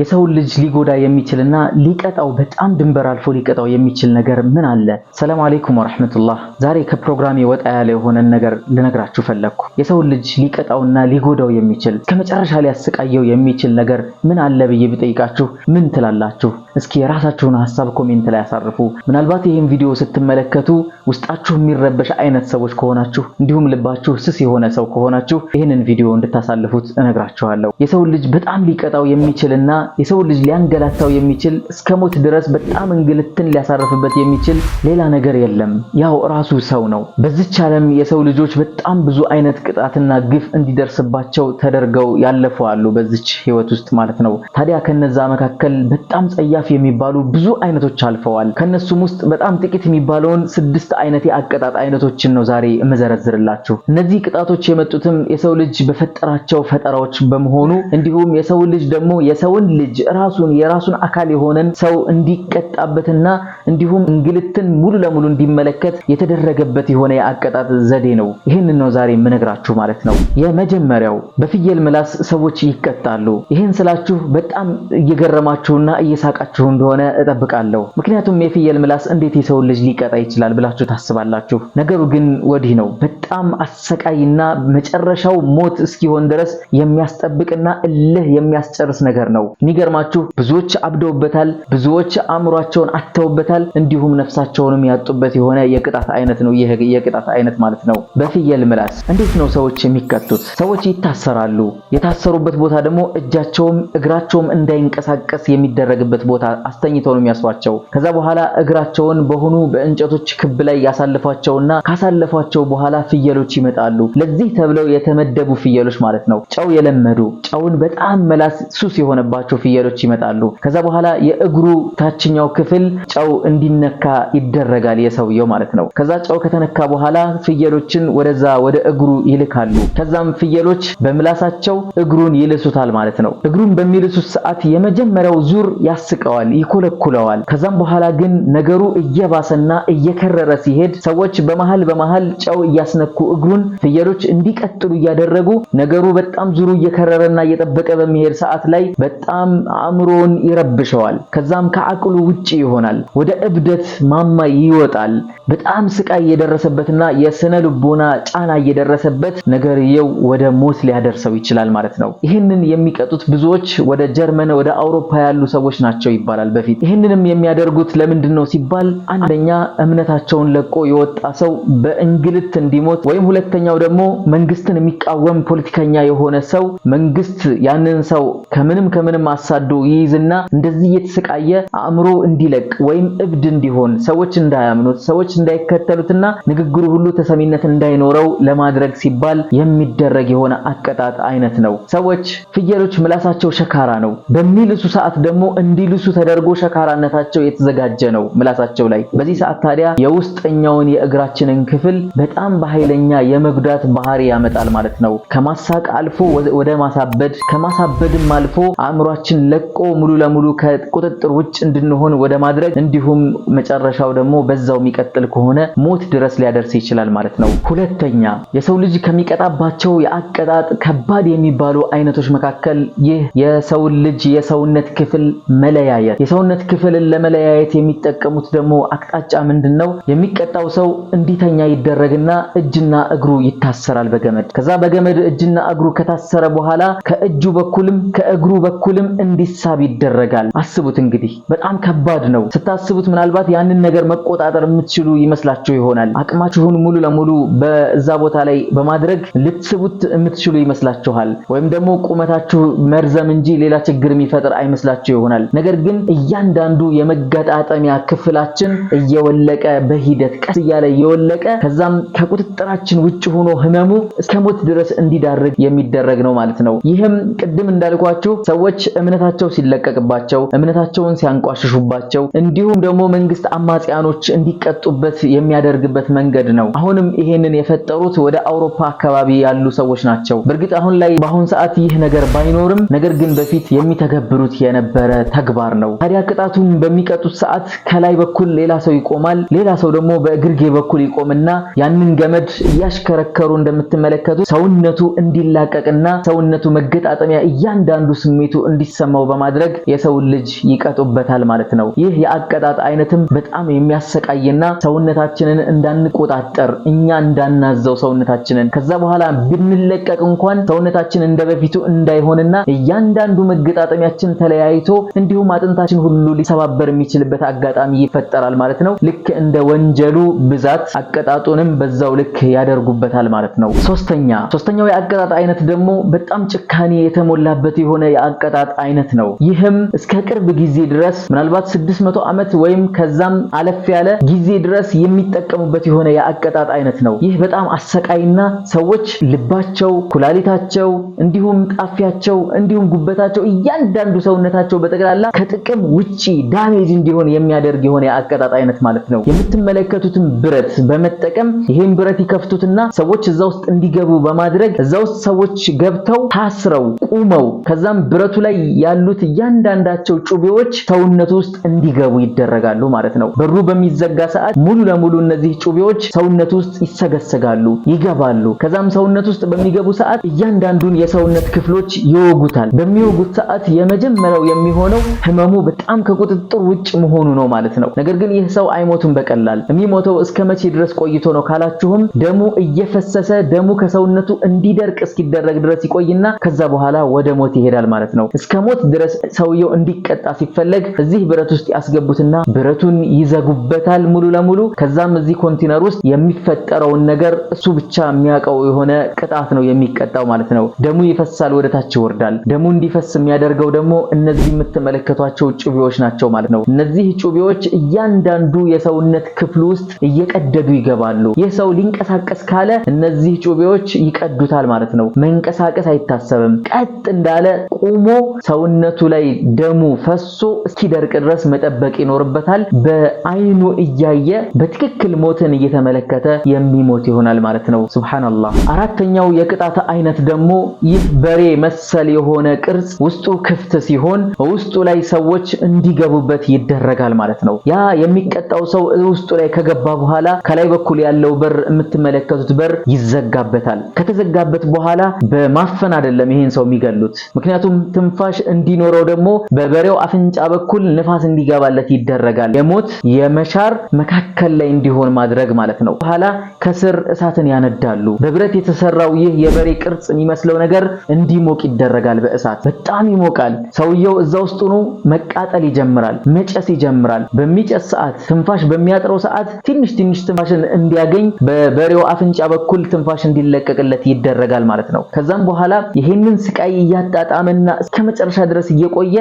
የሰውን ልጅ ሊጎዳ የሚችልና ሊቀጣው በጣም ድንበር አልፎ ሊቀጣው የሚችል ነገር ምን አለ? ሰላም አለይኩም ወራህመቱላህ። ዛሬ ከፕሮግራም የወጣ ያለ የሆነን ነገር ልነግራችሁ ፈለግኩ። የሰውን ልጅ ሊቀጣውና ሊጎዳው የሚችል ከመጨረሻ ሊያሰቃየው የሚችል ነገር ምን አለ ብዬ ብጠይቃችሁ ምን ትላላችሁ? እስኪ የራሳችሁን ሀሳብ ኮሜንት ላይ አሳርፉ። ምናልባት ይህን ቪዲዮ ስትመለከቱ ውስጣችሁ የሚረበሽ አይነት ሰዎች ከሆናችሁ፣ እንዲሁም ልባችሁ ስስ የሆነ ሰው ከሆናችሁ ይህንን ቪዲዮ እንድታሳልፉት እነግራችኋለሁ። የሰውን ልጅ በጣም ሊቀጣው የሚችልና የሰው ልጅ ሊያንገላታው የሚችል እስከ ሞት ድረስ በጣም እንግልትን ሊያሳርፍበት የሚችል ሌላ ነገር የለም። ያው ራሱ ሰው ነው። በዚች ዓለም የሰው ልጆች በጣም ብዙ አይነት ቅጣትና ግፍ እንዲደርስባቸው ተደርገው ያለፈው አሉ፣ በዚች ህይወት ውስጥ ማለት ነው። ታዲያ ከነዛ መካከል በጣም ጸያፍ የሚባሉ ብዙ አይነቶች አልፈዋል። ከነሱም ውስጥ በጣም ጥቂት የሚባለውን ስድስት አይነት የአቀጣጥ አይነቶችን ነው ዛሬ የምዘረዝርላችሁ። እነዚህ ቅጣቶች የመጡትም የሰው ልጅ በፈጠራቸው ፈጠራዎች በመሆኑ እንዲሁም የሰው ልጅ ደግሞ የሰውን ልጅ ራሱን የራሱን አካል የሆነን ሰው እንዲቀጣበትና እንዲሁም እንግልትን ሙሉ ለሙሉ እንዲመለከት የተደረገበት የሆነ የአቀጣጥ ዘዴ ነው። ይህንን ነው ዛሬ የምነግራችሁ ማለት ነው። የመጀመሪያው በፍየል ምላስ ሰዎች ይቀጣሉ። ይህን ስላችሁ በጣም እየገረማችሁና እየሳቃችሁ እንደሆነ እጠብቃለሁ። ምክንያቱም የፍየል ምላስ እንዴት የሰውን ልጅ ሊቀጣ ይችላል ብላችሁ ታስባላችሁ። ነገሩ ግን ወዲህ ነው። በጣም አሰቃይና መጨረሻው ሞት እስኪሆን ድረስ የሚያስጠብቅና እልህ የሚያስጨርስ ነገር ነው። የሚገርማችሁ ብዙዎች አብደውበታል፣ ብዙዎች አእምሯቸውን አተውበታል እንዲሁም ነፍሳቸውንም ያጡበት የሆነ የቅጣት አይነት ነው። ይህ የቅጣት አይነት ማለት ነው። በፍየል ምላስ እንዴት ነው ሰዎች የሚቀጡት? ሰዎች ይታሰራሉ። የታሰሩበት ቦታ ደግሞ እጃቸውም እግራቸውም እንዳይንቀሳቀስ የሚደረግበት ቦታ አስተኝተው ነው የሚያስሯቸው። ከዛ በኋላ እግራቸውን በሆኑ በእንጨቶች ክብ ላይ ያሳልፏቸውና ካሳለፏቸው በኋላ ፍየሎች ይመጣሉ። ለዚህ ተብለው የተመደቡ ፍየሎች ማለት ነው። ጨው የለመዱ ጨውን በጣም መላስ ሱስ የሆነባቸው የሚያስፈልጓቸው ፍየሎች ይመጣሉ። ከዛ በኋላ የእግሩ ታችኛው ክፍል ጨው እንዲነካ ይደረጋል፣ የሰውየው ማለት ነው። ከዛ ጨው ከተነካ በኋላ ፍየሎችን ወደዛ ወደ እግሩ ይልካሉ። ከዛም ፍየሎች በምላሳቸው እግሩን ይልሱታል ማለት ነው። እግሩን በሚልሱት ሰዓት የመጀመሪያው ዙር ያስቀዋል፣ ይኮለኩለዋል። ከዛም በኋላ ግን ነገሩ እየባሰና እየከረረ ሲሄድ ሰዎች በመሃል በመሃል ጨው እያስነኩ እግሩን ፍየሎች እንዲቀጥሉ እያደረጉ ነገሩ በጣም ዙሩ እየከረረና እየጠበቀ በሚሄድ ሰዓት ላይ በጣም ከዛም አእምሮውን ይረብሸዋል። ከዛም ከአቅሉ ውጪ ይሆናል። ወደ እብደት ማማ ይወጣል። በጣም ስቃይ እየደረሰበትና የስነ ልቦና ጫና እየደረሰበት ነገርየው ወደ ሞት ሊያደርሰው ይችላል ማለት ነው። ይህንን የሚቀጡት ብዙዎች ወደ ጀርመን፣ ወደ አውሮፓ ያሉ ሰዎች ናቸው ይባላል በፊት። ይህንንም የሚያደርጉት ለምንድን ነው ሲባል አንደኛ እምነታቸውን ለቆ የወጣ ሰው በእንግልት እንዲሞት ወይም ሁለተኛው ደግሞ መንግስትን የሚቃወም ፖለቲከኛ የሆነ ሰው መንግስት ያንን ሰው ከምንም ከምንም አሳዶ ይይዝና እንደዚህ እየተሰቃየ አእምሮ እንዲለቅ ወይም እብድ እንዲሆን ሰዎች እንዳያምኑት ሰዎች እንዳይከተሉትና ንግግሩ ሁሉ ተሰሚነት እንዳይኖረው ለማድረግ ሲባል የሚደረግ የሆነ አቀጣጥ አይነት ነው። ሰዎች ፍየሎች ምላሳቸው ሸካራ ነው በሚልሱ ሰዓት ደግሞ እንዲልሱ ተደርጎ ሸካራነታቸው የተዘጋጀ ነው ምላሳቸው ላይ። በዚህ ሰዓት ታዲያ የውስጠኛውን የእግራችንን ክፍል በጣም በኃይለኛ የመጉዳት ባህሪ ያመጣል ማለት ነው። ከማሳቅ አልፎ ወደ ማሳበድ ከማሳበድም አልፎ አእምሯ ራሳችን ለቆ ሙሉ ለሙሉ ከቁጥጥር ውጭ እንድንሆን ወደ ማድረግ እንዲሁም መጨረሻው ደግሞ በዛው የሚቀጥል ከሆነ ሞት ድረስ ሊያደርስ ይችላል ማለት ነው። ሁለተኛ የሰው ልጅ ከሚቀጣባቸው የአቀጣጥ ከባድ የሚባሉ አይነቶች መካከል ይህ የሰውን ልጅ የሰውነት ክፍል መለያየት። የሰውነት ክፍልን ለመለያየት የሚጠቀሙት ደግሞ አቅጣጫ ምንድን ነው? የሚቀጣው ሰው እንዲተኛ ይደረግና እጅና እግሩ ይታሰራል በገመድ። ከዛ በገመድ እጅና እግሩ ከታሰረ በኋላ ከእጁ በኩልም ከእግሩ በኩልም እንዲሳብ ይደረጋል። አስቡት እንግዲህ በጣም ከባድ ነው። ስታስቡት ምናልባት ያንን ነገር መቆጣጠር የምትችሉ ይመስላችሁ ይሆናል። አቅማችሁን ሙሉ ለሙሉ በዛ ቦታ ላይ በማድረግ ልትስቡት የምትችሉ ይመስላችኋል። ወይም ደግሞ ቁመታችሁ መርዘም እንጂ ሌላ ችግር የሚፈጥር አይመስላችሁ ይሆናል። ነገር ግን እያንዳንዱ የመገጣጠሚያ ክፍላችን እየወለቀ በሂደት ቀስ እያለ እየወለቀ ከዛም ከቁጥጥራችን ውጭ ሆኖ ህመሙ እስከ ሞት ድረስ እንዲዳርግ የሚደረግ ነው ማለት ነው። ይህም ቅድም እንዳልኳችሁ ሰዎች እምነታቸው ሲለቀቅባቸው፣ እምነታቸውን ሲያንቋሽሹባቸው፣ እንዲሁም ደግሞ መንግስት አማጽያኖች እንዲቀጡበት የሚያደርግበት መንገድ ነው። አሁንም ይሄንን የፈጠሩት ወደ አውሮፓ አካባቢ ያሉ ሰዎች ናቸው። በእርግጥ አሁን ላይ በአሁን ሰዓት ይህ ነገር ባይኖርም፣ ነገር ግን በፊት የሚተገብሩት የነበረ ተግባር ነው። ታዲያ ቅጣቱን በሚቀጡት ሰዓት ከላይ በኩል ሌላ ሰው ይቆማል፣ ሌላ ሰው ደግሞ በእግርጌ በኩል ይቆምና ያንን ገመድ እያሽከረከሩ እንደምትመለከቱ ሰውነቱ እንዲላቀቅና ሰውነቱ መገጣጠሚያ እያንዳንዱ ስሜቱ እንዲ እንዲሰማው በማድረግ የሰው ልጅ ይቀጡበታል ማለት ነው። ይህ የአቀጣጥ አይነትም በጣም የሚያሰቃይና ሰውነታችንን እንዳንቆጣጠር እኛ እንዳናዘው ሰውነታችንን ከዛ በኋላ ብንለቀቅ እንኳን ሰውነታችን እንደበፊቱ እንዳይሆንና እያንዳንዱ መገጣጠሚያችን ተለያይቶ እንዲሁም አጥንታችን ሁሉ ሊሰባበር የሚችልበት አጋጣሚ ይፈጠራል ማለት ነው። ልክ እንደ ወንጀሉ ብዛት አቀጣጡንም በዛው ልክ ያደርጉበታል ማለት ነው። ሶስተኛ ሶስተኛው የአቀጣጥ አይነት ደግሞ በጣም ጭካኔ የተሞላበት የሆነ የአቀጣጥ አይነት ነው። ይህም እስከ ቅርብ ጊዜ ድረስ ምናልባት 600 ዓመት ወይም ከዛም አለፍ ያለ ጊዜ ድረስ የሚጠቀሙበት የሆነ የአቀጣጥ አይነት ነው። ይህ በጣም አሰቃይና ሰዎች ልባቸው፣ ኩላሊታቸው፣ እንዲሁም ጣፊያቸው፣ እንዲሁም ጉበታቸው እያንዳንዱ ሰውነታቸው በጠቅላላ ከጥቅም ውጪ ዳሜጅ እንዲሆን የሚያደርግ የሆነ የአቀጣጥ አይነት ማለት ነው። የምትመለከቱትን ብረት በመጠቀም ይሄን ብረት ይከፍቱትና ሰዎች እዛ ውስጥ እንዲገቡ በማድረግ እዛ ውስጥ ሰዎች ገብተው ታስረው ቁመው ከዛም ብረቱ ላይ ያሉት እያንዳንዳቸው ጩቤዎች ሰውነት ውስጥ እንዲገቡ ይደረጋሉ ማለት ነው። በሩ በሚዘጋ ሰዓት ሙሉ ለሙሉ እነዚህ ጩቤዎች ሰውነት ውስጥ ይሰገሰጋሉ፣ ይገባሉ። ከዛም ሰውነት ውስጥ በሚገቡ ሰዓት እያንዳንዱን የሰውነት ክፍሎች ይወጉታል። በሚወጉት ሰዓት የመጀመሪያው የሚሆነው ህመሙ በጣም ከቁጥጥር ውጭ መሆኑ ነው ማለት ነው። ነገር ግን ይህ ሰው አይሞቱም በቀላል የሚሞተው እስከ መቼ ድረስ ቆይቶ ነው ካላችሁም ደሙ እየፈሰሰ ደሙ ከሰውነቱ እንዲደርቅ እስኪደረግ ድረስ ይቆይና ከዛ በኋላ ወደ ሞት ይሄዳል ማለት ነው። እስከ ሞት ድረስ ሰውየው እንዲቀጣ ሲፈለግ እዚህ ብረት ውስጥ ያስገቡትና ብረቱን ይዘጉበታል ሙሉ ለሙሉ። ከዛም እዚህ ኮንቲነር ውስጥ የሚፈጠረውን ነገር እሱ ብቻ የሚያውቀው የሆነ ቅጣት ነው የሚቀጣው ማለት ነው። ደሙ ይፈሳል፣ ወደ ታች ይወርዳል። ደሙ እንዲፈስ የሚያደርገው ደግሞ እነዚህ የምትመለከቷቸው ጩቤዎች ናቸው ማለት ነው። እነዚህ ጩቤዎች እያንዳንዱ የሰውነት ክፍል ውስጥ እየቀደዱ ይገባሉ። ይህ ሰው ሊንቀሳቀስ ካለ እነዚህ ጩቤዎች ይቀዱታል ማለት ነው። መንቀሳቀስ አይታሰብም። ቀጥ እንዳለ ቁሞ ሰውነቱ ላይ ደሙ ፈሶ እስኪደርቅ ድረስ መጠበቅ ይኖርበታል። በአይኑ እያየ በትክክል ሞትን እየተመለከተ የሚሞት ይሆናል ማለት ነው። ሱብሃንአላህ። አራተኛው የቅጣት አይነት ደግሞ ይህ በሬ መሰል የሆነ ቅርጽ ውስጡ ክፍት ሲሆን ውስጡ ላይ ሰዎች እንዲገቡበት ይደረጋል ማለት ነው። ያ የሚቀጣው ሰው ውስጡ ላይ ከገባ በኋላ ከላይ በኩል ያለው በር የምትመለከቱት በር ይዘጋበታል። ከተዘጋበት በኋላ በማፈን አይደለም ይህን ሰው የሚገሉት፣ ምክንያቱም ትንፋ ትንፋሽ እንዲኖረው ደግሞ በበሬው አፍንጫ በኩል ንፋስ እንዲገባለት ይደረጋል። የሞት የመሻር መካከል ላይ እንዲሆን ማድረግ ማለት ነው። በኋላ ከስር እሳትን ያነዳሉ። በብረት የተሰራው ይህ የበሬ ቅርጽ የሚመስለው ነገር እንዲሞቅ ይደረጋል። በእሳት በጣም ይሞቃል። ሰውየው እዛ ውስጥ ሆኖ መቃጠል ይጀምራል፣ መጨስ ይጀምራል። በሚጨስ ሰዓት፣ ትንፋሽ በሚያጥረው ሰዓት ትንሽ ትንሽ ትንፋሽን እንዲያገኝ በበሬው አፍንጫ በኩል ትንፋሽ እንዲለቀቅለት ይደረጋል ማለት ነው። ከዛም በኋላ ይህንን ስቃይ እያጣጣመና እስከ መጨረሻ ድረስ እየቆየ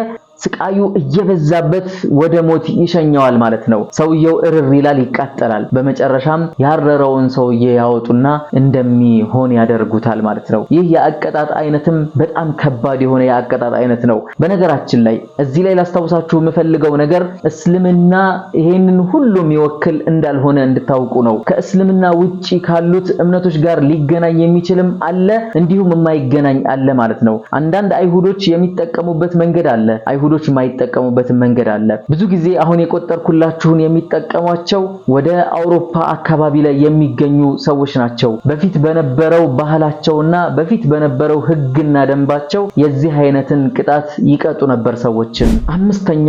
ስቃዩ እየበዛበት ወደ ሞት ይሸኘዋል ማለት ነው። ሰውየው እርር ይላል፣ ይቃጠላል። በመጨረሻም ያረረውን ሰውዬ ያወጡና እንደሚሆን ያደርጉታል ማለት ነው። ይህ የአቀጣጥ አይነትም በጣም ከባድ የሆነ የአቀጣጥ አይነት ነው። በነገራችን ላይ እዚህ ላይ ላስታውሳችሁ የምፈልገው ነገር እስልምና ይሄንን ሁሉ የሚወክል እንዳልሆነ እንድታውቁ ነው። ከእስልምና ውጪ ካሉት እምነቶች ጋር ሊገናኝ የሚችልም አለ፣ እንዲሁም የማይገናኝ አለ ማለት ነው። አንዳንድ አይሁዶች የሚጠቀሙበት መንገድ አለ። አይሁዶች አይሁዶች የማይጠቀሙበትን መንገድ አለ። ብዙ ጊዜ አሁን የቆጠርኩላችሁን የሚጠቀሟቸው ወደ አውሮፓ አካባቢ ላይ የሚገኙ ሰዎች ናቸው። በፊት በነበረው ባህላቸውና በፊት በነበረው ህግና ደንባቸው የዚህ አይነትን ቅጣት ይቀጡ ነበር ሰዎችን። አምስተኛ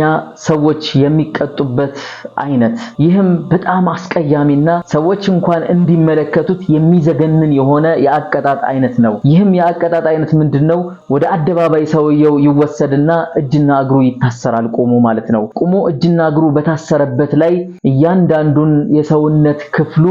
ሰዎች የሚቀጡበት አይነት፣ ይህም በጣም አስቀያሚና ሰዎች እንኳን እንዲመለከቱት የሚዘገንን የሆነ የአቀጣጥ አይነት ነው። ይህም የአቀጣጥ አይነት ምንድነው? ወደ አደባባይ ሰውየው ይወሰድና እጅና እግሩ እግሩ ይታሰራል ቁሙ ማለት ነው። ቁሙ እጅና እግሩ በታሰረበት ላይ እያንዳንዱን የሰውነት ክፍሉ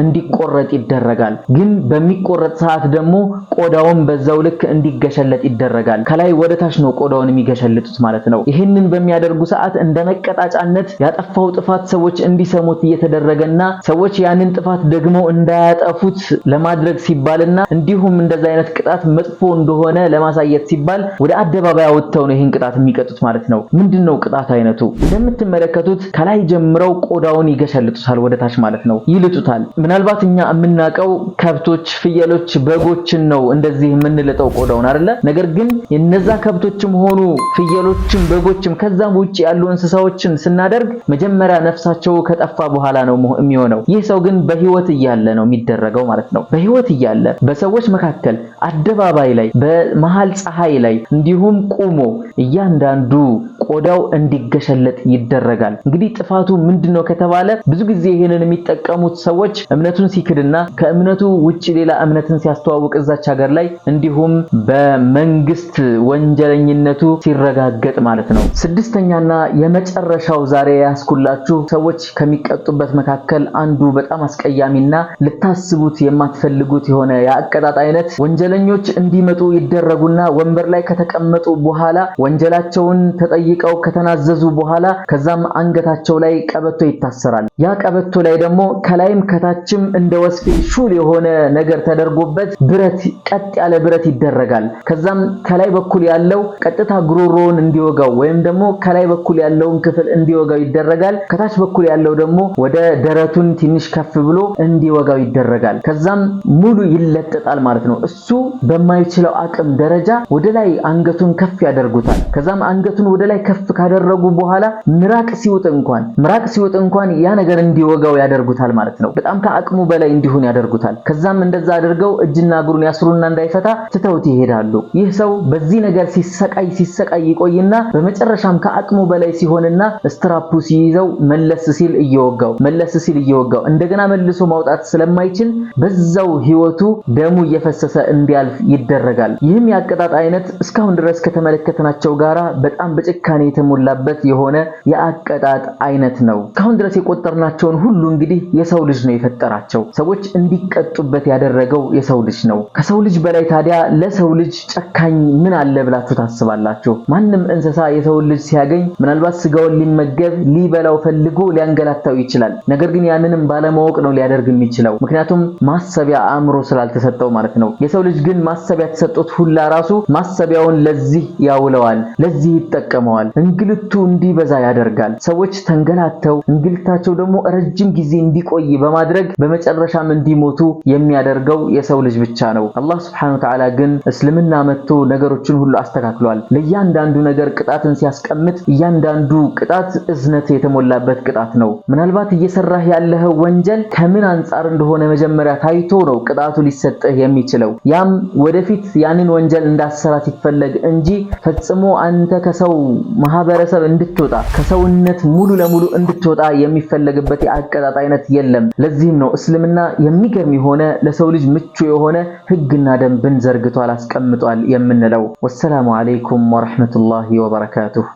እንዲቆረጥ ይደረጋል። ግን በሚቆረጥ ሰዓት ደግሞ ቆዳውን በዛው ልክ እንዲገሸለጥ ይደረጋል። ከላይ ወደ ታች ነው ቆዳውን የሚገሸልጡት ማለት ነው። ይህንን በሚያደርጉ ሰዓት እንደ መቀጣጫነት ያጠፋው ጥፋት ሰዎች እንዲሰሙት እየተደረገና ሰዎች ያንን ጥፋት ደግሞ እንዳያጠፉት ለማድረግ ሲባልና እንዲሁም እንደዛ አይነት ቅጣት መጥፎ እንደሆነ ለማሳየት ሲባል ወደ አደባባይ አውጥተው ነው ይህን ቅጣት የሚቀጡት ማለት ነው። ምንድን ነው ቅጣት አይነቱ? እንደምትመለከቱት ከላይ ጀምረው ቆዳውን ይገሸልጡታል፣ ወደ ታች ማለት ነው ይልጡታል። ምናልባት እኛ የምናውቀው ከብቶች፣ ፍየሎች፣ በጎችን ነው እንደዚህ የምንልጠው ቆዳውን አይደለ? ነገር ግን የነዛ ከብቶችም ሆኑ ፍየሎችም በጎችም ከዛም ውጭ ያሉ እንስሳዎችን ስናደርግ መጀመሪያ ነፍሳቸው ከጠፋ በኋላ ነው የሚሆነው። ይህ ሰው ግን በህይወት እያለ ነው የሚደረገው ማለት ነው። በህይወት እያለ በሰዎች መካከል አደባባይ ላይ በመሃል ፀሐይ ላይ እንዲሁም ቁሞ እያንዳንዱ አንዱ ቆዳው እንዲገሸለጥ ይደረጋል። እንግዲህ ጥፋቱ ምንድነው ከተባለ ብዙ ጊዜ ይህንን የሚጠቀሙት ሰዎች እምነቱን ሲክድና ከእምነቱ ውጭ ሌላ እምነትን ሲያስተዋውቅ እዛች ሀገር ላይ እንዲሁም በመንግስት ወንጀለኝነቱ ሲረጋገጥ ማለት ነው። ስድስተኛና የመጨረሻው ዛሬ ያስኩላችሁ ሰዎች ከሚቀጡበት መካከል አንዱ በጣም አስቀያሚና ልታስቡት የማትፈልጉት የሆነ የአቀጣጥ አይነት ወንጀለኞች እንዲመጡ ይደረጉና ወንበር ላይ ከተቀመጡ በኋላ ወንጀላቸውን ሰውን ተጠይቀው ከተናዘዙ በኋላ ከዛም አንገታቸው ላይ ቀበቶ ይታሰራል። ያ ቀበቶ ላይ ደግሞ ከላይም ከታችም እንደ ወስፌ ሹል የሆነ ነገር ተደርጎበት ብረት ቀጥ ያለ ብረት ይደረጋል። ከዛም ከላይ በኩል ያለው ቀጥታ ጉሮሮውን እንዲወጋው ወይም ደግሞ ከላይ በኩል ያለውን ክፍል እንዲወጋው ይደረጋል። ከታች በኩል ያለው ደግሞ ወደ ደረቱን ትንሽ ከፍ ብሎ እንዲወጋው ይደረጋል። ከዛም ሙሉ ይለጠጣል ማለት ነው። እሱ በማይችለው አቅም ደረጃ ወደ ላይ አንገቱን ከፍ ያደርጉታል። ከዛም አንገ አንገቱን ወደ ላይ ከፍ ካደረጉ በኋላ ምራቅ ሲወጥ እንኳን ምራቅ ሲወጥ እንኳን ያ ነገር እንዲወጋው ያደርጉታል ማለት ነው። በጣም ከአቅሙ በላይ እንዲሆን ያደርጉታል። ከዛም እንደዛ አድርገው እጅና እግሩን ያስሩና እንዳይፈታ ትተውት ይሄዳሉ። ይህ ሰው በዚህ ነገር ሲሰቃይ ሲሰቃይ ይቆይና በመጨረሻም ከአቅሙ በላይ ሲሆንና ስትራፑ ሲይዘው መለስ ሲል እየወጋው መለስ ሲል እየወጋው እንደገና መልሶ ማውጣት ስለማይችል በዛው ህይወቱ ደሙ እየፈሰሰ እንዲያልፍ ይደረጋል። ይህም የአቀጣጥ አይነት እስካሁን ድረስ ከተመለከትናቸው ጋራ በጣም በጭካኔ የተሞላበት የሆነ የአቀጣጥ አይነት ነው። እስካሁን ድረስ የቆጠርናቸውን ሁሉ እንግዲህ የሰው ልጅ ነው የፈጠራቸው። ሰዎች እንዲቀጡበት ያደረገው የሰው ልጅ ነው። ከሰው ልጅ በላይ ታዲያ ለሰው ልጅ ጨካኝ ምን አለ ብላችሁ ታስባላችሁ? ማንም እንስሳ የሰውን ልጅ ሲያገኝ ምናልባት ስጋውን ሊመገብ ሊበላው ፈልጎ ሊያንገላታው ይችላል። ነገር ግን ያንንም ባለማወቅ ነው ሊያደርግ የሚችለው ምክንያቱም ማሰቢያ አእምሮ ስላልተሰጠው ማለት ነው። የሰው ልጅ ግን ማሰቢያ ተሰጦት ሁላ ራሱ ማሰቢያውን ለዚህ ያውለዋል፣ ለዚህ ይጠቀመዋል። እንግልቱ እንዲበዛ ያደርጋል። ሰዎች ተንገላተው እንግልታቸው ደግሞ ረጅም ጊዜ እንዲቆይ በማድረግ በመጨረሻም እንዲሞቱ የሚያደርገው የሰው ልጅ ብቻ ነው። አላህ ሱብሓነሁ ወተዓላ ግን እስልምና መጥቶ ነገሮችን ሁሉ አስተካክሏል። ለእያንዳንዱ ነገር ቅጣትን ሲያስቀምጥ እያንዳንዱ ቅጣት እዝነት የተሞላበት ቅጣት ነው። ምናልባት እየሰራህ ያለህ ወንጀል ከምን አንጻር እንደሆነ መጀመሪያ ታይቶ ነው ቅጣቱ ሊሰጥህ የሚችለው። ያም ወደፊት ያንን ወንጀል እንዳሰራ ሲፈለግ እንጂ ፈጽሞ አንተ ከሰው ማህበረሰብ እንድትወጣ ከሰውነት ሙሉ ለሙሉ እንድትወጣ የሚፈለግበት የአቀጣጥ አይነት የለም። ለዚህም ነው እስልምና የሚገርም የሆነ ለሰው ልጅ ምቹ የሆነ ህግና ደንብን ዘርግቷል፣ አስቀምጧል የምንለው። ወሰላሙ አለይኩም ወረህመቱላሂ ወበረካቱሁ።